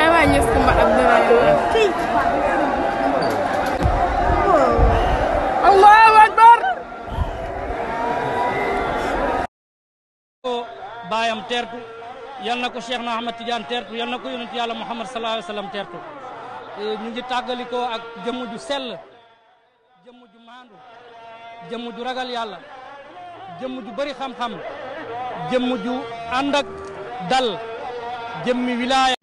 aywa ñëpp kumba Abdoulaye la. allahu akbar. baayam teertu yal na ko Cheikh na Ahmad Tidiane teertu yal na ko yonent yàlla Muhammad sallallahu alayhi wa sallam teertu e, ñu ngi tàggalikoo ak jëmm ju sell jëmm ju maandu jëmm ju ragal yàlla jëmm ju bëri xam-xam jëmm ju ànd ak dal. jëmmi wilaaya